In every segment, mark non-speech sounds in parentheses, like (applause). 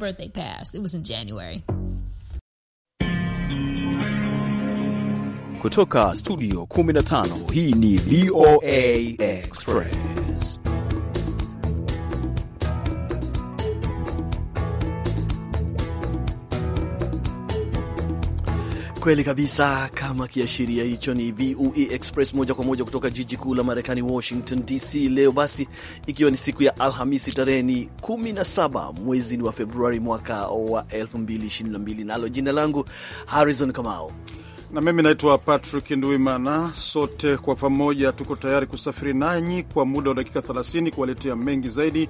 birthday passed. It was in January. Kutoka studio 15 hii ni VOA Express. Kweli kabisa, kama kiashiria hicho ni VOA e Express moja kwa moja kutoka jiji kuu la Marekani, Washington DC. Leo basi, ikiwa ni siku ya Alhamisi, tarehe ni 17 mwezi ni wa Februari mwaka wa 2022, nalo jina langu Harrison Kamao na mimi naitwa Patrick Nduimana. Sote kwa pamoja tuko tayari kusafiri nanyi kwa muda wa dakika 30 kuwaletea mengi zaidi.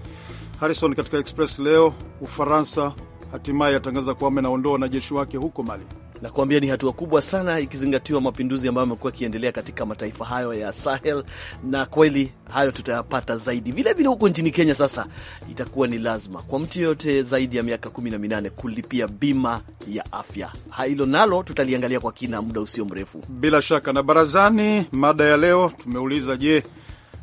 Harrison, katika Express leo, Ufaransa hatimaye atangaza kwamba inaondoa wanajeshi wake huko Mali. Nakuambia ni hatua kubwa sana, ikizingatiwa mapinduzi ambayo amekuwa akiendelea katika mataifa hayo ya Sahel, na kweli hayo tutayapata zaidi vilevile huko nchini Kenya. Sasa itakuwa ni lazima kwa mtu yoyote zaidi ya miaka kumi na minane kulipia bima ya afya. Hilo nalo tutaliangalia kwa kina muda usio mrefu, bila shaka. Na barazani, mada ya leo tumeuliza, je,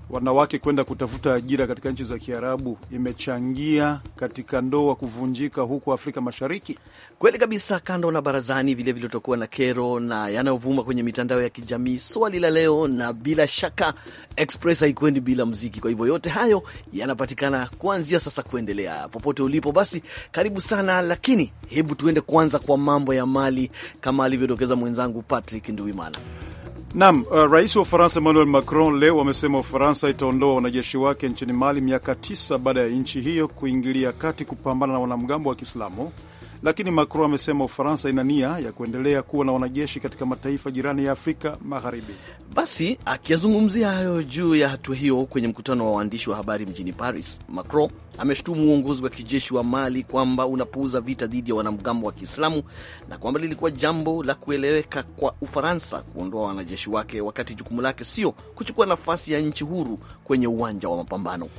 wanawake kwenda kutafuta ajira katika nchi za Kiarabu imechangia katika ndoa kuvunjika huko Afrika Mashariki. Kweli kabisa. Kando na barazani, vilevile utakuwa na kero na yanayovuma kwenye mitandao ya kijamii, swali la leo, na bila shaka Express haikwendi bila mziki. Kwa hivyo yote hayo yanapatikana kuanzia sasa kuendelea, popote ulipo, basi karibu sana. Lakini hebu tuende kwanza kwa mambo ya mali, kama alivyodokeza mwenzangu Patrick Nduimana. Naam, uh, rais wa Ufaransa Emmanuel Macron leo amesema Ufaransa itaondoa wanajeshi wake nchini Mali miaka tisa baada ya nchi hiyo kuingilia kati kupambana na wanamgambo wa Kiislamu lakini Macron amesema Ufaransa ina nia ya kuendelea kuwa na wanajeshi katika mataifa jirani ya Afrika Magharibi. Basi akiyazungumzia hayo juu ya hatua hiyo kwenye mkutano wa waandishi wa habari mjini Paris, Macron ameshutumu uongozi wa kijeshi wa Mali kwamba unapuuza vita dhidi ya wanamgambo wa Kiislamu na kwamba lilikuwa jambo la kueleweka kwa Ufaransa kuondoa wanajeshi wake, wakati jukumu lake sio kuchukua nafasi ya nchi huru kwenye uwanja wa mapambano.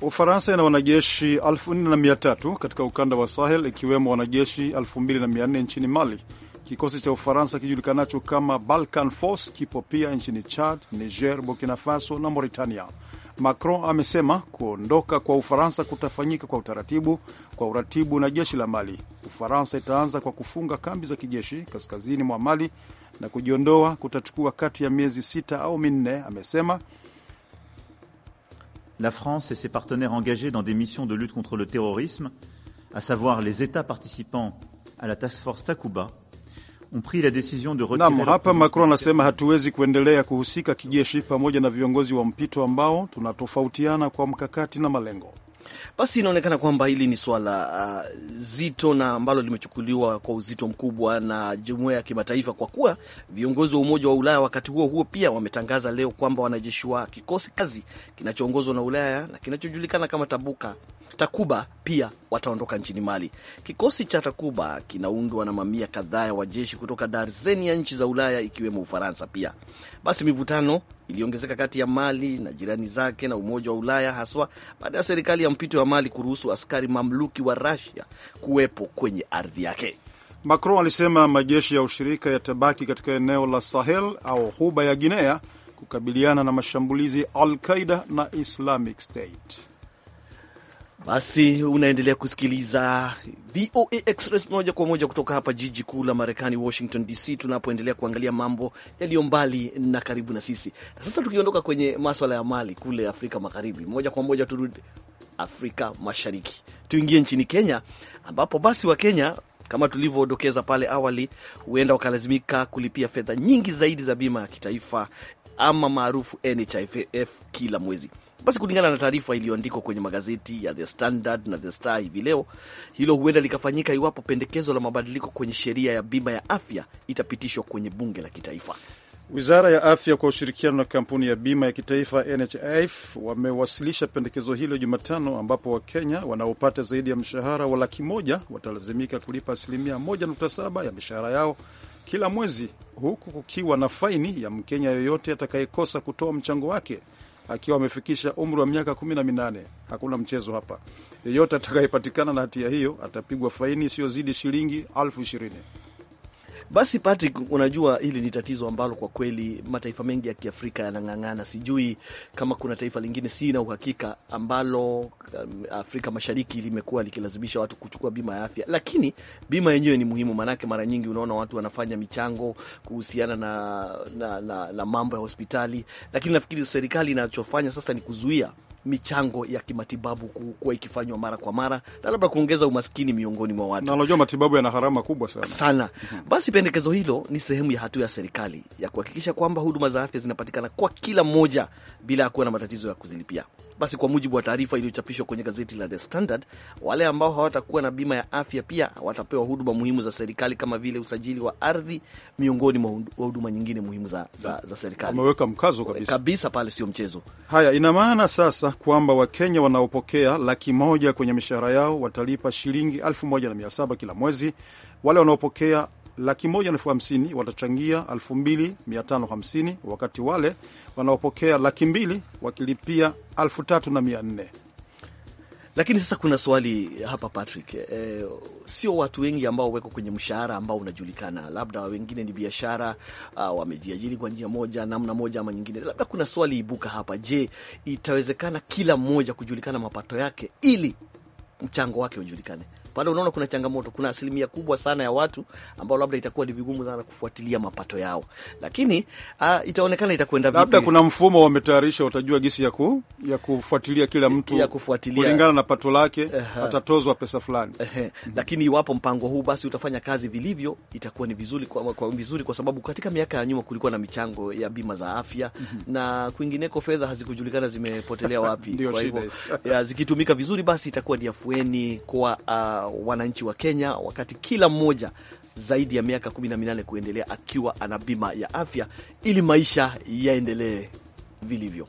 Ufaransa ina wanajeshi 4300 katika ukanda wa Sahel, ikiwemo wanajeshi 2400 nchini Mali. Kikosi cha Ufaransa kijulikanacho kama Balkan Force kipo pia nchini Chad, Niger, Burkina Faso na Mauritania. Macron amesema kuondoka kwa Ufaransa kutafanyika kwa utaratibu kwa uratibu na jeshi la Mali. Ufaransa itaanza kwa kufunga kambi za kijeshi kaskazini mwa Mali na kujiondoa kutachukua kati ya miezi sita au minne, amesema la France et ses partenaires engagés dans des missions de lutte contre le terrorisme, à savoir les États participants à la task force Takuba, ont pris la décision de retirer. Basi inaonekana kwamba hili ni swala uh, zito na ambalo limechukuliwa kwa uzito mkubwa na jumuiya ya kimataifa, kwa kuwa viongozi wa Umoja wa Ulaya wakati huo huo pia wametangaza leo kwamba wanajeshi wa kikosi kazi kinachoongozwa na Ulaya na kinachojulikana kama Tabuka Takuba pia wataondoka nchini Mali. Kikosi cha Takuba kinaundwa na mamia kadhaa ya wajeshi kutoka darzeni ya nchi za Ulaya ikiwemo Ufaransa pia. Basi mivutano iliongezeka kati ya Mali na jirani zake na Umoja wa Ulaya, haswa baada ya serikali ya mpito ya Mali kuruhusu askari mamluki wa rasia kuwepo kwenye ardhi yake. Macron alisema majeshi ya ushirika yatabaki katika eneo la Sahel au huba ya Guinea kukabiliana na mashambulizi Al Qaida na Islamic State. Basi unaendelea kusikiliza VOA Express moja kwa moja kutoka hapa jiji kuu la Marekani, Washington DC, tunapoendelea kuangalia mambo yaliyo mbali na karibu na sisi. Sasa tukiondoka kwenye maswala ya mali kule Afrika Magharibi, moja kwa moja turudi Afrika Mashariki, tuingie nchini Kenya, ambapo basi wa Kenya kama tulivyodokeza pale awali, huenda wakalazimika kulipia fedha nyingi zaidi za bima ya kitaifa ama maarufu NHIF kila mwezi. Basi kulingana na taarifa iliyoandikwa kwenye magazeti ya The Standard na The Star hivi leo, hilo huenda likafanyika iwapo pendekezo la mabadiliko kwenye sheria ya bima ya afya itapitishwa kwenye bunge la kitaifa. Wizara ya Afya kwa ushirikiano na kampuni ya bima ya kitaifa NHIF wamewasilisha pendekezo hilo Jumatano, ambapo Wakenya wanaopata zaidi ya mshahara wa laki moja watalazimika kulipa asilimia 1.7 ya mishahara yao kila mwezi, huku kukiwa na faini ya Mkenya yoyote atakayekosa kutoa mchango wake akiwa amefikisha umri wa miaka kumi na minane. Hakuna mchezo hapa. Yeyote atakayepatikana na hatia hiyo atapigwa faini isiyozidi shilingi elfu ishirini. Basi Patrick, unajua hili ni tatizo ambalo kwa kweli mataifa mengi ya Kiafrika yanang'ang'ana. Sijui kama kuna taifa lingine, sina uhakika, ambalo um, Afrika Mashariki limekuwa likilazimisha watu kuchukua bima ya afya, lakini bima yenyewe ni muhimu, maanake mara nyingi unaona watu wanafanya michango kuhusiana na, na, na, na mambo ya hospitali, lakini nafikiri serikali inachofanya sasa ni kuzuia michango ya kimatibabu kuwa ikifanywa mara kwa mara na labda kuongeza umaskini miongoni mwa watu. Na unajua matibabu yana gharama kubwa sana sana. Basi pendekezo hilo ni sehemu ya hatua ya serikali ya kuhakikisha kwamba huduma za afya zinapatikana kwa kila mmoja bila ya kuwa na matatizo ya kuzilipia. Basi kwa mujibu wa taarifa iliyochapishwa kwenye gazeti la The Standard, wale ambao hawatakuwa na bima ya afya pia watapewa huduma muhimu za serikali kama vile usajili wa ardhi, miongoni mwa huduma nyingine muhimu za, za, za serikali. Ameweka mkazo kabisa, eh, kabisa pale, sio mchezo. Haya, ina maana sasa kwamba Wakenya wanaopokea laki moja kwenye mishahara yao watalipa shilingi elfu moja na mia saba kila mwezi. Wale wanaopokea laki moja na elfu hamsini watachangia 2550 wakati wale wanaopokea laki mbili wakilipia 3400 lakini sasa kuna swali hapa Patrick. E, sio watu wengi ambao weko kwenye mshahara ambao unajulikana, labda wengine ni biashara, ah, wamejiajiri kwa njia moja, namna moja ama nyingine. Labda kuna swali ibuka hapa, je, itawezekana kila mmoja kujulikana mapato yake ili mchango wake ujulikane? pale unaona kuna changamoto, kuna asilimia kubwa sana ya watu ambao labda itakuwa ni vigumu sana kufuatilia mapato yao, lakini uh, itaonekana itakwenda vipi. Labda kuna mfumo wametayarisha, utajua jinsi ya, ku, ya kufuatilia kila mtu ya kufuatilia kulingana na pato lake uh -huh. atatozwa pesa fulani uh -huh. mm -hmm. Lakini iwapo mpango huu basi utafanya kazi vilivyo, itakuwa ni vizuri kwa, kwa, vizuri kwa sababu katika miaka ya nyuma kulikuwa na michango ya bima za afya mm -hmm. na kwingineko fedha hazikujulikana zimepotelea wapi. (laughs) Kwa hivyo zikitumika vizuri, basi itakuwa ni afueni kwa uh, wananchi wa Kenya, wakati kila mmoja zaidi ya miaka 18 kuendelea akiwa ana bima ya afya ili maisha yaendelee vilivyo.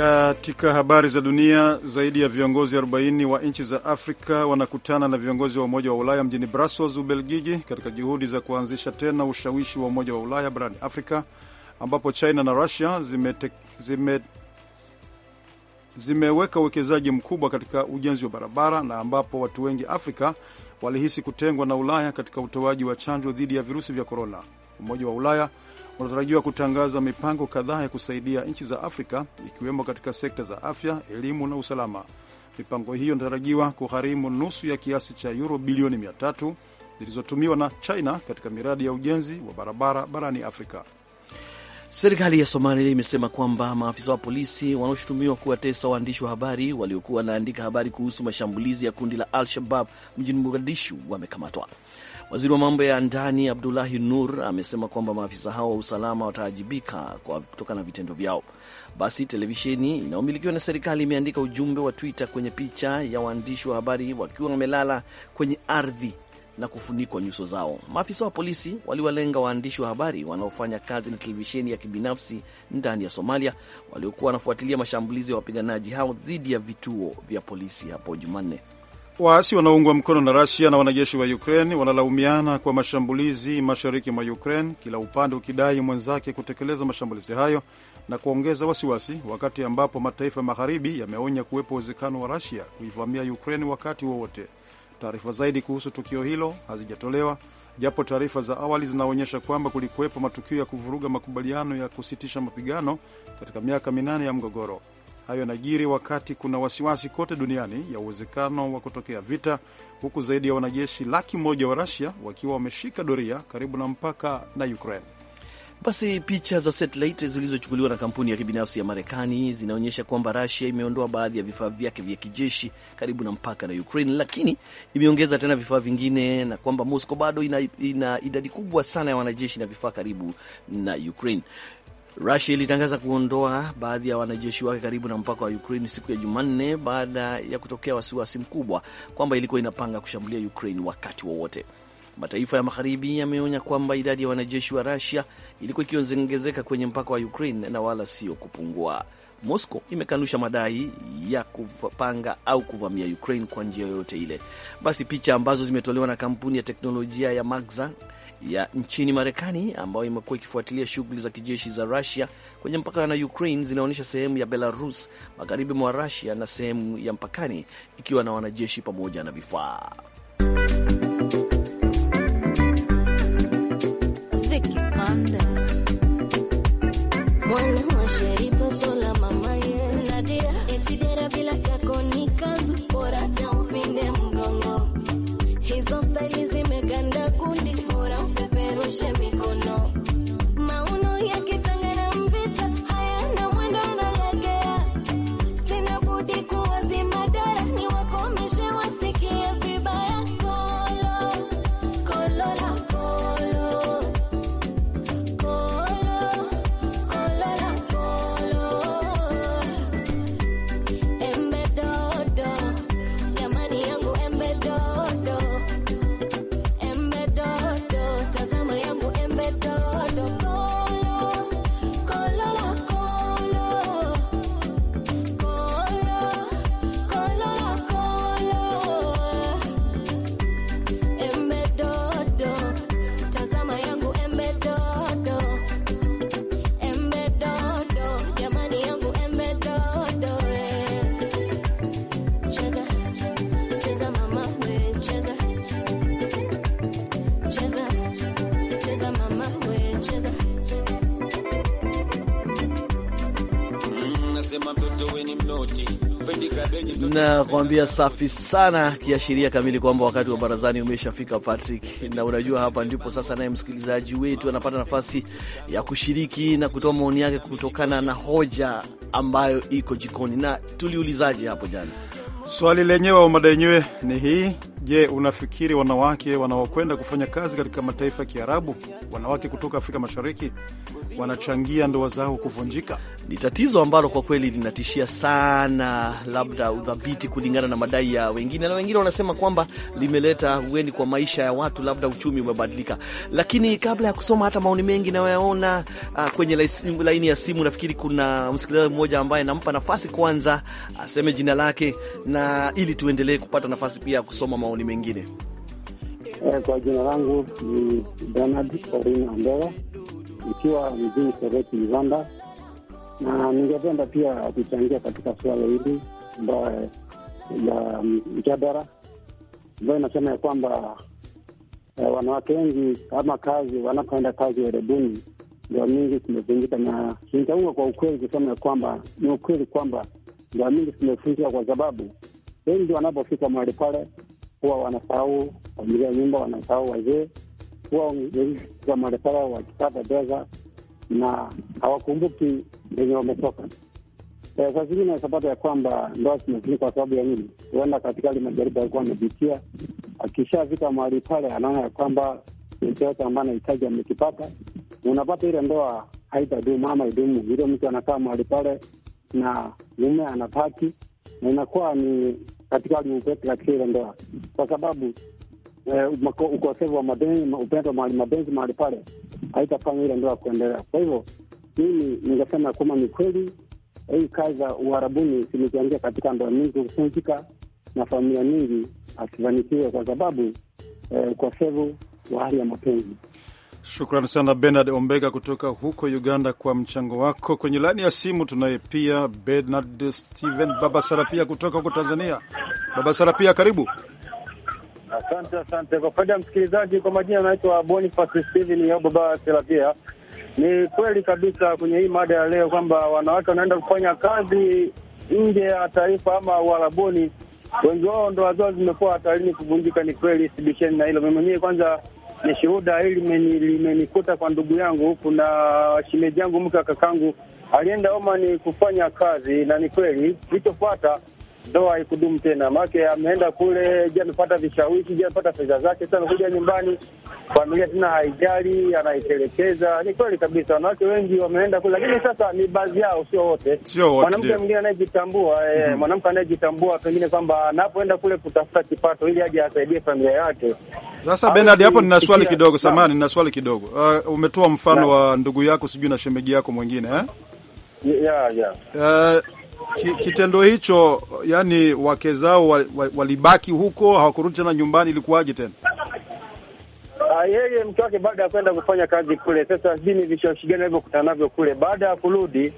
Katika habari za dunia, zaidi ya viongozi 40 wa nchi za Afrika wanakutana na viongozi wa Umoja wa Ulaya mjini Brussels, Ubelgiji, katika juhudi za kuanzisha tena ushawishi wa Umoja wa Ulaya barani Afrika, ambapo China na Rusia zimeweka zime, zime uwekezaji mkubwa katika ujenzi wa barabara na ambapo watu wengi Afrika walihisi kutengwa na Ulaya katika utoaji wa chanjo dhidi ya virusi vya korona. Umoja wa Ulaya wanatarajiwa kutangaza mipango kadhaa ya kusaidia nchi za Afrika ikiwemo katika sekta za afya, elimu na usalama. Mipango hiyo inatarajiwa kugharimu nusu ya kiasi cha yuro bilioni 300 zilizotumiwa na China katika miradi ya ujenzi wa barabara barani Afrika. Serikali ya Somalia imesema kwamba maafisa wa polisi wanaoshutumiwa kuwatesa waandishi wa habari waliokuwa wanaandika habari kuhusu mashambulizi ya kundi la Al-Shabab mjini Mogadishu wamekamatwa. Waziri wa mambo ya ndani Abdullahi Nur amesema kwamba maafisa hao wa usalama wataajibika kutokana na vitendo vyao. Basi televisheni inayomilikiwa na serikali imeandika ujumbe wa Twitter kwenye picha ya waandishi wa habari wakiwa wamelala kwenye ardhi na kufunikwa nyuso zao. Maafisa wa polisi waliwalenga waandishi wa habari wanaofanya kazi na televisheni ya kibinafsi ndani ya Somalia, waliokuwa wanafuatilia mashambulizi ya wapiganaji hao dhidi ya vituo vya polisi hapo Jumanne. Waasi wanaoungwa mkono na Rasia na wanajeshi wa Ukraine wanalaumiana kwa mashambulizi mashariki mwa Ukraine, kila upande ukidai mwenzake kutekeleza mashambulizi hayo na kuongeza wasiwasi, wakati ambapo mataifa magharibi yameonya kuwepo uwezekano wa Rasia kuivamia Ukraine wakati wowote. Taarifa zaidi kuhusu tukio hilo hazijatolewa, japo taarifa za awali zinaonyesha kwamba kulikuwepo matukio ya kuvuruga makubaliano ya kusitisha mapigano katika miaka minane ya mgogoro. Hayo yanajiri wakati kuna wasiwasi kote duniani ya uwezekano wa kutokea vita, huku zaidi ya wanajeshi laki moja wa Rasia wakiwa wameshika doria karibu na mpaka na Ukraine. Basi picha za satellite zilizochukuliwa na kampuni ya kibinafsi ya Marekani zinaonyesha kwamba rasia imeondoa baadhi ya vifaa vyake vya kijeshi karibu na mpaka na Ukraine, lakini imeongeza tena vifaa vingine na kwamba Moscow bado ina, ina idadi kubwa sana ya wanajeshi na vifaa karibu na Ukraine. Rusia ilitangaza kuondoa baadhi ya wanajeshi wake karibu na mpaka wa Ukraine siku ya Jumanne baada ya kutokea wasiwasi mkubwa kwamba ilikuwa inapanga kushambulia Ukraine wakati wowote wa Mataifa ya magharibi yameonya kwamba idadi ya wanajeshi wa Rusia ilikuwa ikiongezeka kwenye mpaka wa Ukraine na wala sio kupungua. Moscow imekanusha madai ya kupanga au kuvamia Ukraine kwa njia yoyote ile. Basi picha ambazo zimetolewa na kampuni ya teknolojia ya Maxar ya nchini Marekani ambayo imekuwa ikifuatilia shughuli za kijeshi za Rusia kwenye mpaka na Ukraine zinaonyesha sehemu ya Belarus magharibi mwa Rusia na sehemu ya mpakani ikiwa na wanajeshi pamoja na vifaa. nakuambia safi sana, kiashiria kamili kwamba wakati wa barazani umeshafika Patrick, na unajua hapa ndipo sasa naye msikilizaji wetu anapata nafasi ya kushiriki na kutoa maoni yake kutokana na hoja ambayo iko jikoni. Na tuliulizaje hapo jana? Swali lenyewe au mada yenyewe ni hii: Je, unafikiri wanawake wanaokwenda kufanya kazi katika mataifa ya Kiarabu, wanawake kutoka Afrika Mashariki, wanachangia ndoa zao kuvunjika? Ni tatizo ambalo kwa kweli linatishia sana labda udhabiti, kulingana na madai ya wengine, na wengine wanasema kwamba limeleta ueni kwa maisha ya watu, labda uchumi umebadilika. Lakini kabla ya kusoma hata maoni mengi nayoyaona ah, kwenye laini ya simu, nafikiri kuna msikilizaji mmoja ambaye nampa nafasi kwanza aseme jina lake, na ili tuendelee kupata nafasi pia ya kusoma maoni maoni mengine. Eh, kwa jina langu ni Bernard Orin Andoa, ikiwa mjini Sereti, Uganda, na ningependa pia kuchangia katika suala hili ambayo eh, ya mjadara ambayo inasema ya kwamba eh, wanawake wengi ama kazi wanapoenda kazi werabuni ndoa mingi zimevunjika, na nitaunga kwa ukweli kusema ya kwamba ni ukweli kwamba ndoa mingi zimevunjika kwa sababu wengi wanapofika mahali pale huwa wanasahau familia ya nyumba, wanasahau wazee, huwa wa madereva wakipata pesa na hawakumbuki venye wametoka. Eh, saa zingine naweza ya kwamba ndoa zimezini kwa sababu ya nini? Huenda katika hali majaribu alikuwa amepitia, akishafika mahali pale anaona ya kwamba chochote ambayo anahitaji amekipata. Unapata ile ndoa haitadumu ama idumu, ile mtu anakaa mahali pale na mume anapaki na inakuwa ni katika walimupete katika ile ndoa, kwa sababu eh, ukosefu wa mapenzi, upendo mahali mapenzi mahali pale, haitafanya ile ndoa kuendelea. Kwa hivyo mimi ningesema kwamba ni kweli hii kazi za uharabuni zimechangia katika ndoa nyingi kuvunjika na familia nyingi asifanikiwe, kwa sababu eh, ukosefu wa hali ya mapenzi shukran sana Bernard Ombega kutoka huko Uganda kwa mchango wako. Kwenye laini ya simu tunaye pia Bernard Steven Babasara pia kutoka huko Tanzania. Babasara pia karibu. Asante, asante kwa faida ya msikilizaji. Kwa majina anaitwa Boniface Steven Baba serapia Ni kweli kabisa kwenye hii mada ya leo kwamba wanawake wanaenda kufanya kazi nje ya taifa ama uharabuni, wengi wao ndoa zao zimekuwa hatarini kuvunjika. Ni kweli, sibisheni na hilo. Mimi mwenyewe kwanza ni shuhuda, hili limenikuta kwa ndugu yangu, kuna shimeji yangu mke wa kakangu alienda Omani kufanya kazi, na ni kweli kilichofuata ndoa haikudumu tena, maake ameenda kule, je, amepata vishawishi, je, amepata fedha zake. Sasa amekuja nyumbani, familia tena haijali, anaitelekeza. Ni kweli kabisa, wanawake wengi wameenda kule, lakini sasa ni baadhi yao, sio wote. Mwanamke mwingine anayejitambua, eh, mhm. mwanamke anayejitambua pengine kwamba anapoenda kule kutafuta kipato ili aje asaidie familia yake. Sasa Bernard, hapo nina swali kidogo, samani, nina swali kidogo. Uh, umetoa mfano na wa ndugu yako sijui na shemeji yako mwingine eh? yeah, yeah. Uh, kitendo hicho, yani wake zao walibaki wa, wa huko hawakurudi tena nyumbani, ilikuwaje tena? Uh, yeye mke wake baada ya kwenda kufanya kazi kule, sasa sijui ni vishawishi gani alivyokutana navyo kule. Baada ya kurudi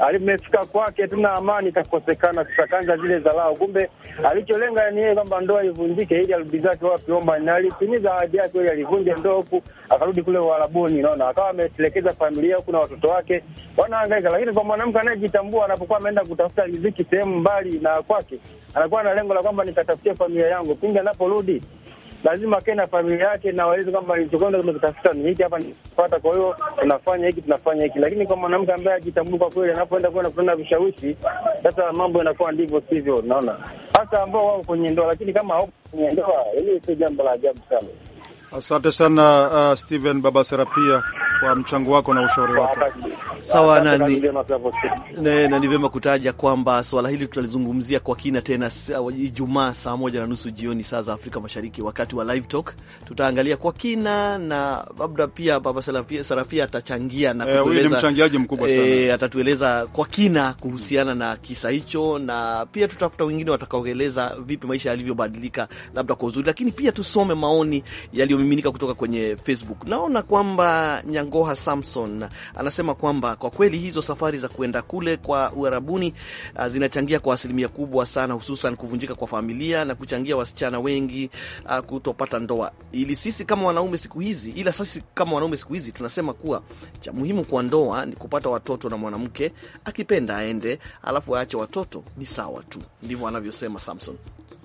alimefika kwake, tuna amani itakosekana, tutakanza zile za lao. Kumbe alicholenga ni yeye kwamba ndoa ivunjike, ili arudi zake wapiomba, na alitimiza ahadi yake, ili alivunja ndoa huku akarudi kule Uarabuni, naona akawa ametelekeza familia huku na watoto wake wanaangaika, Lakini kwa mwanamke anayejitambua, anapokuwa ameenda kutafuta riziki sehemu mbali na kwake, anakuwa na lengo la kwamba nikatafutia familia yangu, pindi anaporudi lazima akae na familia yake na waeleze kwamba ilichokwenda tumekitafuta ni hiki hapa nipata, kwa hiyo tunafanya hiki tunafanya hiki. Lakini kwa mwanamke ambaye ajitambui kwa kweli, anapoenda kwenda kutenda vishawishi, sasa mambo yanakuwa ndivyo sivyo, naona hasa ambao wao kwenye ndoa, lakini kama hao kwenye ndoa, hili sio jambo la ajabu sana. Asante sana uh, Steven Baba Serapia kwa mchango wako na ushauri wako. Sawa, na ni vyema kutaja kwamba swala hili tutalizungumzia kwa kina tena uh, Ijumaa saa moja na nusu jioni saa za Afrika Mashariki, wakati wa live talk. Tutaangalia kwa kina na labda pia Baba Serapia atachangia na eh, kutueleza, eh, mchangiaji mkubwa sana e, atatueleza kwa kina kuhusiana na kisa hicho, na pia tutafuta wengine watakaoeleza vipi maisha yalivyobadilika labda kwa uzuri, lakini pia tusome maoni yaliyo yanayomiminika kutoka kwenye Facebook. Naona kwamba Nyangoha Samson anasema kwamba kwa kweli hizo safari za kuenda kule kwa uharabuni uh, zinachangia kwa asilimia kubwa sana, hususan kuvunjika kwa familia na kuchangia wasichana wengi uh, kutopata ndoa. Ili sisi kama wanaume siku hizi, ila sisi kama wanaume siku hizi tunasema kuwa cha muhimu kwa ndoa ni kupata watoto, na mwanamke akipenda aende, alafu aache watoto, ni sawa tu. Ndivyo anavyosema Samson.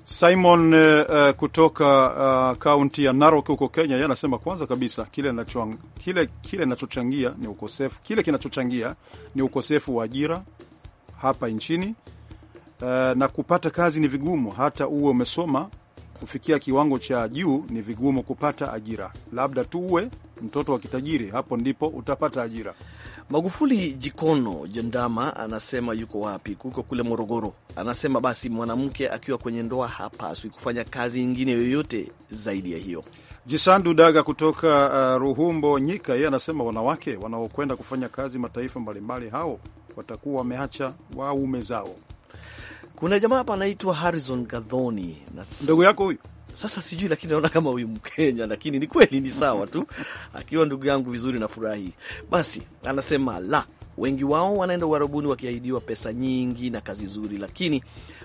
Simon uh, kutoka eh, kaunti uh, ya Narok huko Kenya, yeye anasema kwanza kabisa kile nachochangia kile, kile ni ukosefu kile kinachochangia ni ukosefu wa ajira hapa nchini uh, na kupata kazi ni vigumu, hata uwe umesoma kufikia kiwango cha juu ni vigumu kupata ajira, labda tu uwe mtoto wa kitajiri, hapo ndipo utapata ajira. Magufuli Jikono jendama anasema yuko wapi? Kuko kule Morogoro. Anasema basi mwanamke akiwa kwenye ndoa hapaswi kufanya kazi nyingine yoyote zaidi ya hiyo. Jisandu Daga kutoka uh, Ruhumbo Nyika, yeye anasema wanawake wanaokwenda kufanya kazi mataifa mbalimbali, hao watakuwa wameacha waume zao. Kuna jamaa hapa anaitwa Harrison Gadhoni, ndugu yako huyu sasa sijui, lakini naona kama huyu Mkenya, lakini ni kweli, ni sawa tu. Akiwa ndugu yangu vizuri, nafurahi. Basi anasema la, wengi wao wanaenda uharabuni wakiahidiwa pesa nyingi na kazi zuri, lakini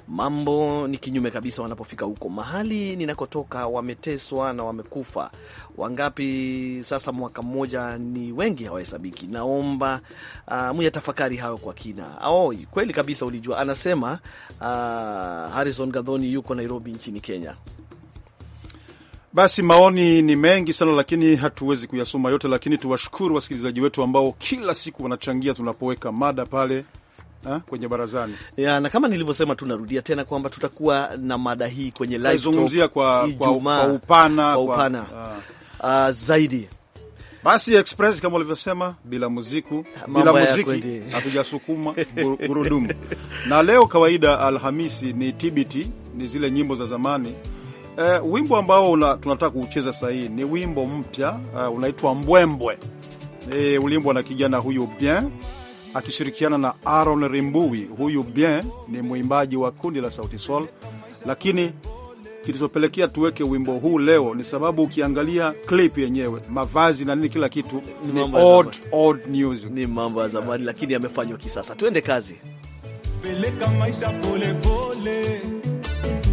mambo ni kinyume kabisa wanapofika huko. Mahali ninakotoka wameteswa na wamekufa wangapi sasa, mwaka mmoja ni wengi, hawahesabiki. Naomba uh, ah, tafakari hayo kwa kina. Oh, kweli kabisa, ulijua. Anasema uh, Harrison Gadhoni yuko Nairobi nchini Kenya. Basi maoni ni mengi sana, lakini hatuwezi kuyasoma yote, lakini tuwashukuru wasikilizaji wetu ambao kila siku wanachangia tunapoweka mada pale Ha, eh, kwenye barazani ya, na kama nilivyosema tunarudia tena kwamba tutakuwa na mada hii kwenye live zungumzia kwa, kwa, kwa upana, kwa upana. Kwa, uh, uh, ah, zaidi basi Express kama ulivyosema, bila muziku, bila muziki (laughs) hatujasukuma gurudumu na leo kawaida Alhamisi ni TBT, ni zile nyimbo za zamani Uh, wimbo ambao una, tunataka kuucheza sasa hii ni wimbo mpya uh, unaitwa Mbwembwe. E, ulimbwa na kijana huyu Bien akishirikiana na Aaron Rimbui. Huyu Bien ni mwimbaji wa kundi la Sauti Sol, lakini kilichopelekea tuweke wimbo huu leo ni sababu ukiangalia clip yenyewe, mavazi na nini, kila kitu ni old, old news, ni mambo ya zamani, lakini yamefanywa kisasa. Tuende kazi, peleka maisha polepole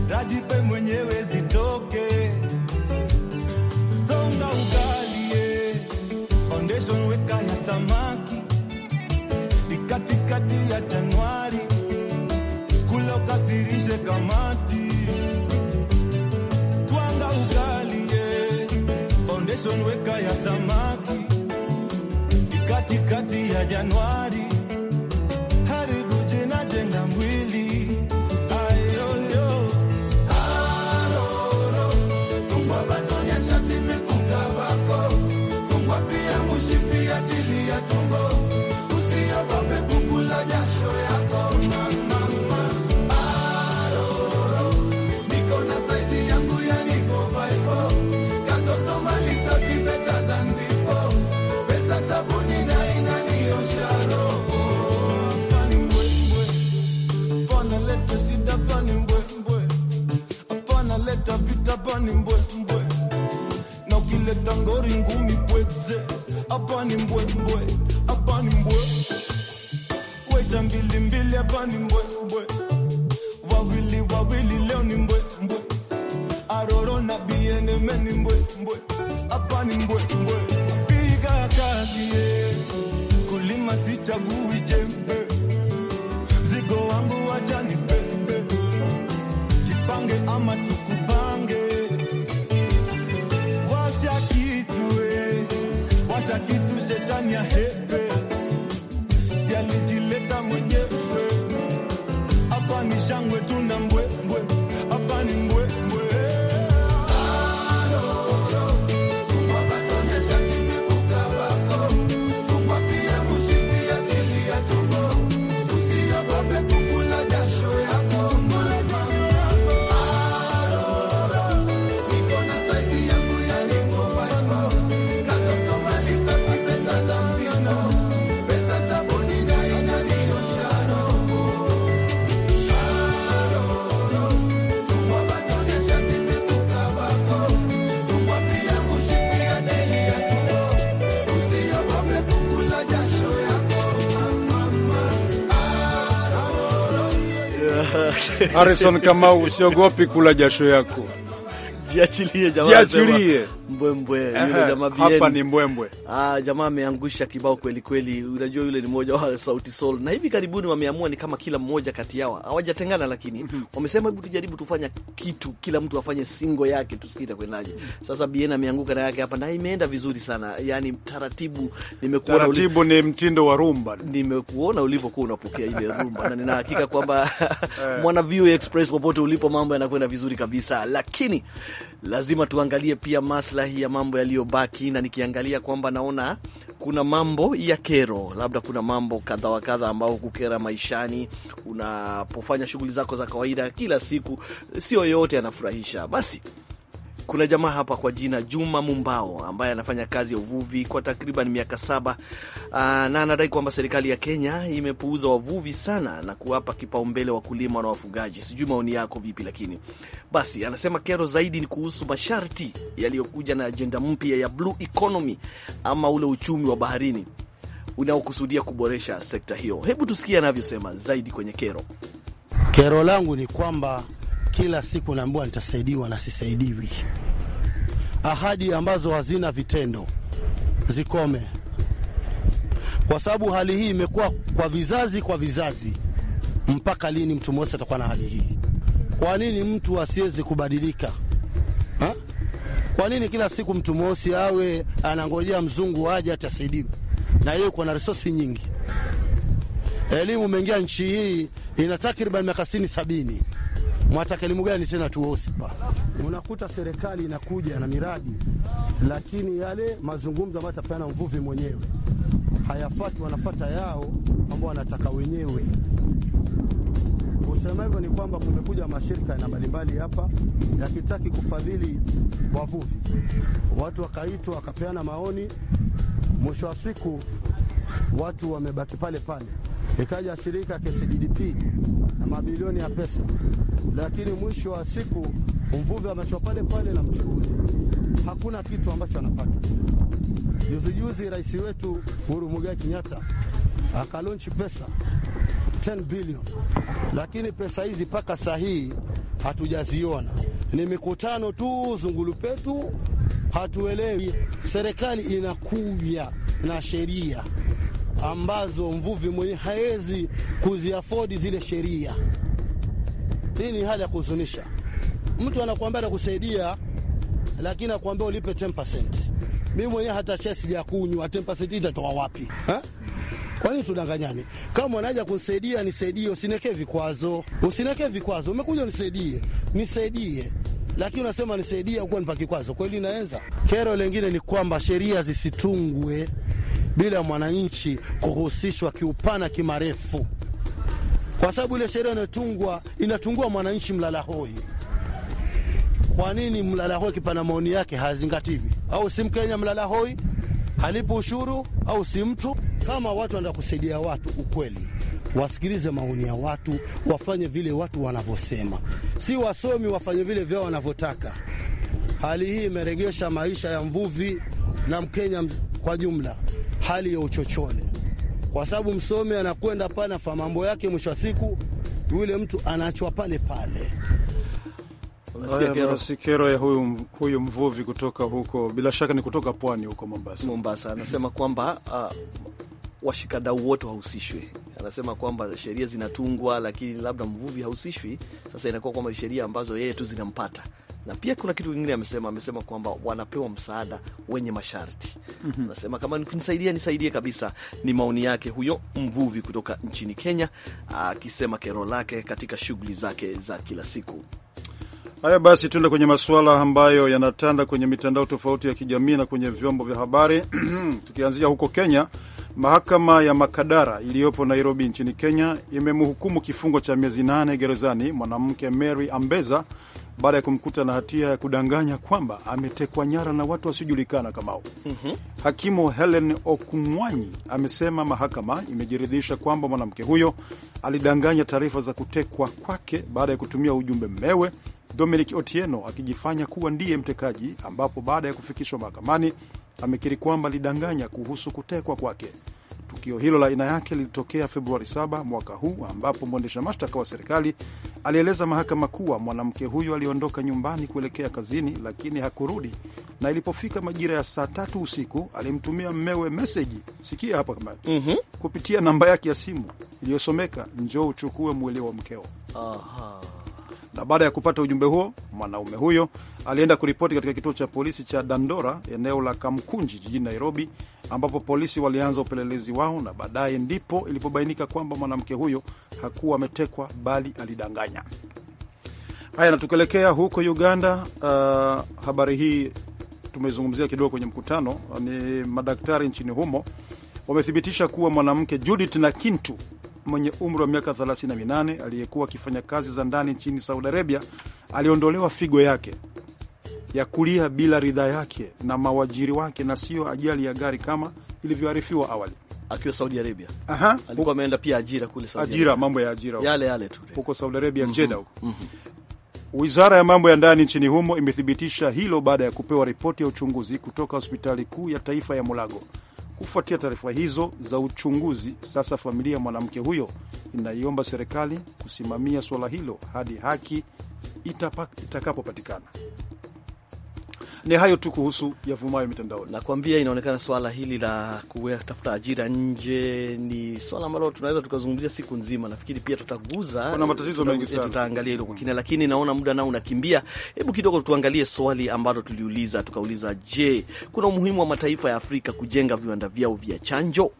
rajipe mwenyewe zitoke, songa ugalie, foundation weka ya samaki, ikatikati ya Januari kula ukasirishe kamati, twanga ugalie, foundation weka ya samaki, ikatikati ya Januari hapa ni mbwembwe na ukileta ngori ngumi pweze, hapa ni mbwembwe, hapa ni mbwe weta mbilimbili, hapa ni mbwembwe wawili wawili, leo ni mbwembwe aroro na bieneme ni mbwembwe, hapa ni mbwembwe, piga kazi kulima sichagui jembe zigo wangu wajani ndani ya hepe, si alijileta mwenyewe. Hapa ni shangwe tuna Harrison Kamau, usiogopi kula jasho yako, jiachilie jiachilie mbwembwe Hapa ni mbwembwe. Ah, jamaa ameangusha kibao kweli kweli. Unajua yule ni mmoja wa Sauti Sol, na hivi karibuni wameamua ni kama kila mmoja kati yao hawajatengana, lakini wamesema hebu tujaribu tufanya kitu, kila mtu afanye singo yake, tusikita kwendaje. Sasa Bien ameanguka na yake hapa, na imeenda vizuri sana. Yani taratibu, nimekuona taratibu ni mtindo wa rumba, nimekuona ulivyokuwa unapokea ile rumba na nina hakika kwamba (laughs) (laughs) mwana View Express popote ulipo, mambo yanakwenda vizuri kabisa, lakini lazima tuangalie pia masuala maslahi ya mambo yaliyobaki, na nikiangalia kwamba naona kuna mambo ya kero, labda kuna mambo kadha wa kadha ambao hukukera maishani unapofanya shughuli zako za kawaida kila siku, sio yote yanafurahisha. Basi kuna jamaa hapa kwa jina Juma Mumbao ambaye anafanya kazi ya uvuvi kwa takriban miaka saba aa, ah, na anadai kwamba serikali ya Kenya imepuuza wavuvi sana na kuwapa kipaumbele wakulima na wafugaji. Sijui maoni yako vipi, lakini basi anasema kero zaidi ni kuhusu masharti yaliyokuja na ajenda mpya ya blue economy ama ule uchumi wa baharini unaokusudia kuboresha sekta hiyo. Hebu tusikie anavyosema zaidi kwenye kero. Kero langu ni kwamba kila siku naambiwa nitasaidiwa na sisaidiwi. Ahadi ambazo hazina vitendo zikome, kwa sababu hali hii imekuwa kwa vizazi kwa vizazi. Mpaka lini mtu mweusi atakuwa na hali hii? Kwa nini mtu asiwezi kubadilika ha? Kwa nini kila siku mtu mweusi awe anangojea mzungu aje atasaidiwe, na yeye uko na resosi nyingi. Elimu imeingia nchi hii ina takriban miaka sitini sabini mwataka elimu gani tena tuosi? Unakuta serikali inakuja na miradi, lakini yale mazungumzo ambayo atapeana mvuvi mwenyewe hayafati, wanafata yao ambao wanataka wenyewe. Kusema hivyo ni kwamba kumekuja mashirika na mbalimbali hapa yakitaki kufadhili wavuvi, watu wakaitwa wakapeana maoni, mwisho wa siku watu wamebaki pale pale ikaja shirika ya na mabilioni ya pesa, lakini mwisho wa siku mvuvi amechwa pale pale na mchuuzi, hakuna kitu ambacho anapata. Juzijuzi rais wetu Uhuru Muigai Kenyatta akalonchi pesa 10 billion, lakini pesa hizi mpaka saa hii hatujaziona. Ni mikutano tu, zungulupetu, hatuelewi. Serikali inakuja na sheria ambazo mvuvi mwenye hawezi kuziafodi zile sheria. Hii ni hali ya kuhuzunisha. Mtu anakuambia anakusaidia, lakini akuambia ulipe 10%. Mimi mwenyewe hata chai sijakunywa, 10% itatoka wapi ha? Kwa nini tudanganyane? Kama mwanaja kunisaidia nisaidie, usinekee vikwazo, usinekee vikwazo. Umekuja nisaidie, nisaidie, lakini unasema nisaidie, ukuwa nipa kikwazo. Kweli inaenza. Kero lengine ni kwamba sheria zisitungwe bila mwananchi kuhusishwa kiupana kimarefu, kwa sababu ile sheria inatungwa inatungua mwananchi hoi. Kwa nini hoi kipana maoni yake hazingativi? Au si Mkenya hoi halipo ushuru au si mtu? Kama watu wanaenda kusaidia watu, ukweli wasikilize maoni ya watu, wafanye vile watu wanavyosema, si wasomi wafanye vile vyao wanavyotaka. Hali hii imeregesha maisha ya mvuvi na Mkenya kwa jumla hali ya uchochole, kwa sababu msomi anakwenda pale na mambo yake, mwisho wa siku yule mtu anaachwa pale pale. Masikero ya huyu, huyu mvuvi kutoka huko, bila shaka ni kutoka pwani huko Mombasa. Mombasa anasema kwamba uh, washikadau wote wahusishwe. Anasema kwamba sheria zinatungwa, lakini labda mvuvi hahusishwi. Sasa inakuwa kwamba sheria ambazo yeye tu zinampata na pia kuna kitu kingine amesema, amesema kwamba wanapewa msaada wenye masharti. mm -hmm. kama nisaidie, nisaidie kabisa. Ni maoni yake huyo mvuvi kutoka nchini Kenya akisema kero lake katika shughuli zake za kila siku. Haya basi, tuende kwenye masuala ambayo yanatanda kwenye mitandao tofauti ya kijamii na kwenye vyombo vya habari (clears throat) tukianzia huko Kenya, mahakama ya Makadara iliyopo Nairobi nchini Kenya imemhukumu kifungo cha miezi nane gerezani mwanamke Mary Ambeza baada ya kumkuta na hatia ya kudanganya kwamba ametekwa nyara na watu wasiojulikana kamau mm -hmm. Hakimu Helen Okumwanyi amesema mahakama imejiridhisha kwamba mwanamke huyo alidanganya taarifa za kutekwa kwake baada ya kutumia ujumbe mmewe Dominic Otieno akijifanya kuwa ndiye mtekaji, ambapo baada ya kufikishwa mahakamani amekiri kwamba alidanganya kuhusu kutekwa kwake. Tukio hilo la aina yake lilitokea Februari 7 mwaka huu, ambapo mwendesha mashtaka wa serikali alieleza mahakama kuwa mwanamke huyo aliondoka nyumbani kuelekea kazini, lakini hakurudi, na ilipofika majira ya saa tatu usiku alimtumia mmewe meseji, sikia hapa mm -hmm. kupitia namba yake ya simu iliyosomeka njoo uchukue mwili wa mkeo. Aha. Na baada ya kupata ujumbe huo, mwanaume huyo alienda kuripoti katika kituo cha polisi cha Dandora, eneo la Kamkunji jijini Nairobi, ambapo polisi walianza upelelezi wao, na baadaye ndipo ilipobainika kwamba mwanamke huyo hakuwa ametekwa, bali alidanganya. Haya, na tukielekea huko Uganda, uh, habari hii tumezungumzia kidogo kwenye mkutano. Ni madaktari nchini humo wamethibitisha kuwa mwanamke Judith Nakintu mwenye umri wa miaka 38 aliyekuwa akifanya kazi za ndani nchini Saudi Arabia aliondolewa figo yake ya kulia bila ridhaa yake na mawajiri wake na sio ajali ya gari kama ilivyoarifiwa awali. Akiwa Saudi Arabia. Aha. Alikuwa ameenda pia ajira kule Saudi Arabia. mambo ya ajira. Yale yale tu. Huko Saudi Arabia mm -hmm. Jeddah huko. Mm -hmm. Wizara ya mambo ya ndani nchini humo imethibitisha hilo baada ya kupewa ripoti ya uchunguzi kutoka hospitali kuu ya taifa ya Mulago. Kufuatia taarifa hizo za uchunguzi, sasa familia ya mwanamke huyo inaiomba serikali kusimamia suala hilo hadi haki itakapopatikana. Ni hayo tu kuhusu yavumayo mitandaoni. Nakwambia, inaonekana swala hili la kutafuta ajira nje ni swala ambalo tunaweza tukazungumzia siku nzima. Nafikiri pia tutaguza, kuna matatizo mengi sana, tutaangalia hilo kwa kina, lakini naona muda nao unakimbia. Hebu kidogo tuangalie swali ambalo tuliuliza, tukauliza, je, kuna umuhimu wa mataifa ya Afrika kujenga viwanda vyao vya chanjo?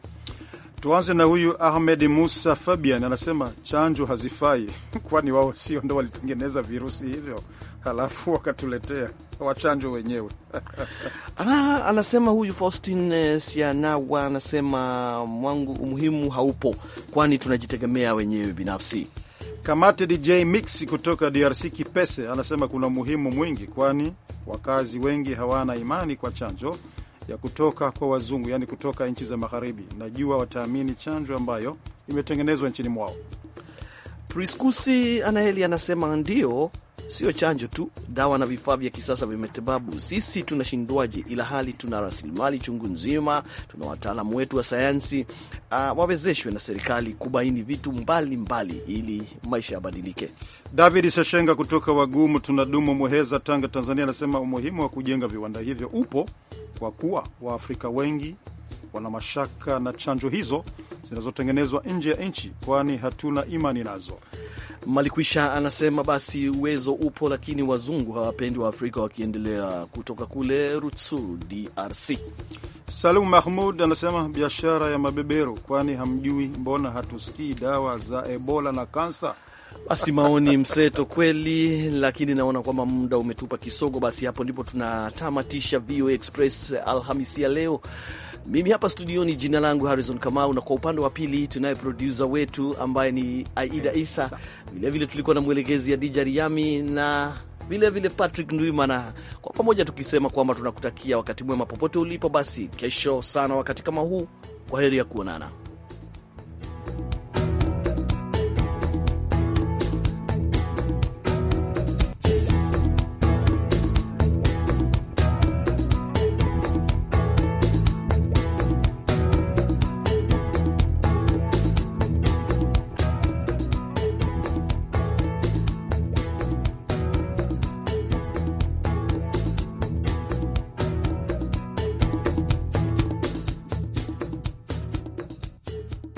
Tuanze na huyu Ahmed Musa Fabian, anasema chanjo hazifai, (laughs) kwani wao sio ndo walitengeneza virusi hivyo? alafu (laughs) wakatuletea wachanjo wenyewe. (laughs) Ana, anasema huyu Faustin eh, Sianawa anasema mwangu umuhimu haupo, kwani tunajitegemea wenyewe binafsi. Kamate DJ Mix kutoka DRC Kipese anasema kuna umuhimu mwingi, kwani wakazi wengi hawana imani kwa chanjo ya kutoka kwa wazungu, yaani kutoka nchi za magharibi. Najua wataamini chanjo ambayo imetengenezwa nchini mwao. Priskusi anaheli anasema ndio, sio chanjo tu, dawa na vifaa vya kisasa vya matibabu. Sisi tunashindwaje, ila hali tuna rasilimali chungu nzima, tuna wataalamu wetu wa sayansi. Uh, wawezeshwe na serikali kubaini vitu mbalimbali mbali, ili maisha yabadilike. David Seshenga kutoka Wagumu tunadumu Muheza, Tanga, Tanzania, anasema umuhimu wa kujenga viwanda hivyo upo kwa kuwa Waafrika wengi wana mashaka na chanjo hizo zinazotengenezwa nje ya nchi, kwani hatuna imani nazo. Malikwisha anasema basi uwezo upo, lakini wazungu hawapendi Waafrika wakiendelea. Kutoka kule rutsu DRC, Salum Mahmud anasema biashara ya mabeberu, kwani hamjui? Mbona hatusikii dawa za Ebola na kansa? Basi maoni mseto kweli, lakini naona kwamba muda umetupa kisogo. Basi hapo ndipo tunatamatisha VOA Express Alhamisi ya leo. Mimi hapa studioni, jina langu Harrison Kamau, na kwa upande wa pili tunaye produsa wetu ambaye ni Aida Isa. Vilevile tulikuwa na mwelekezi ya Dija Riami na vilevile Patrick Ndwimana, kwa pamoja tukisema kwamba tunakutakia wakati mwema popote ulipo. Basi kesho sana wakati kama huu, kwa heri ya kuonana.